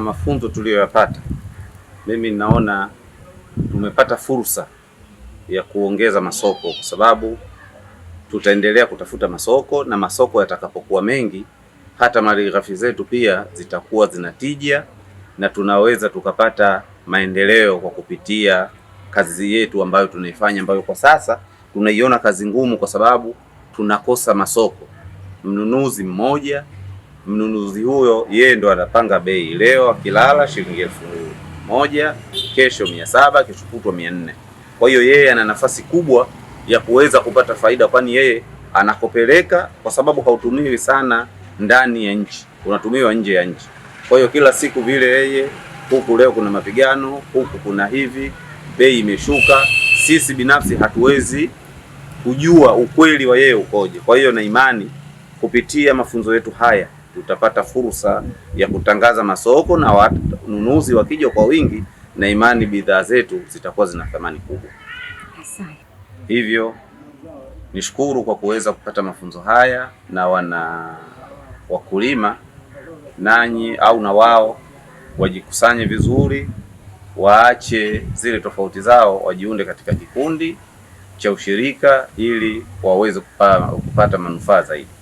Mafunzo tuliyoyapata, mimi ninaona tumepata fursa ya kuongeza masoko, kwa sababu tutaendelea kutafuta masoko, na masoko yatakapokuwa mengi, hata malighafi zetu pia zitakuwa zinatija, na tunaweza tukapata maendeleo kwa kupitia kazi yetu ambayo tunaifanya, ambayo kwa sasa tunaiona kazi ngumu, kwa sababu tunakosa masoko, mnunuzi mmoja mnunuzi huyo yeye ndo anapanga bei. Leo akilala shilingi elfu moja, kesho mia saba, kesho kutwa mia nne. Kwa hiyo yeye ana nafasi kubwa ya kuweza kupata faida, kwani yeye anakopeleka, kwa sababu hautumiwi sana ndani ya nchi, unatumiwa nje ya nchi. Kwa hiyo kila siku vile yeye huku, leo kuna mapigano huku, kuna hivi, bei imeshuka. Sisi binafsi hatuwezi kujua ukweli wa yeye ukoje. Kwa hiyo na imani kupitia mafunzo yetu haya tutapata fursa ya kutangaza masoko na wanunuzi wakija kwa wingi, na imani bidhaa zetu zitakuwa zina thamani kubwa. Hivyo nishukuru kwa kuweza kupata mafunzo haya na wana wakulima, nanyi au na wao wajikusanye vizuri, waache zile tofauti zao, wajiunde katika kikundi cha ushirika ili waweze kupata manufaa zaidi.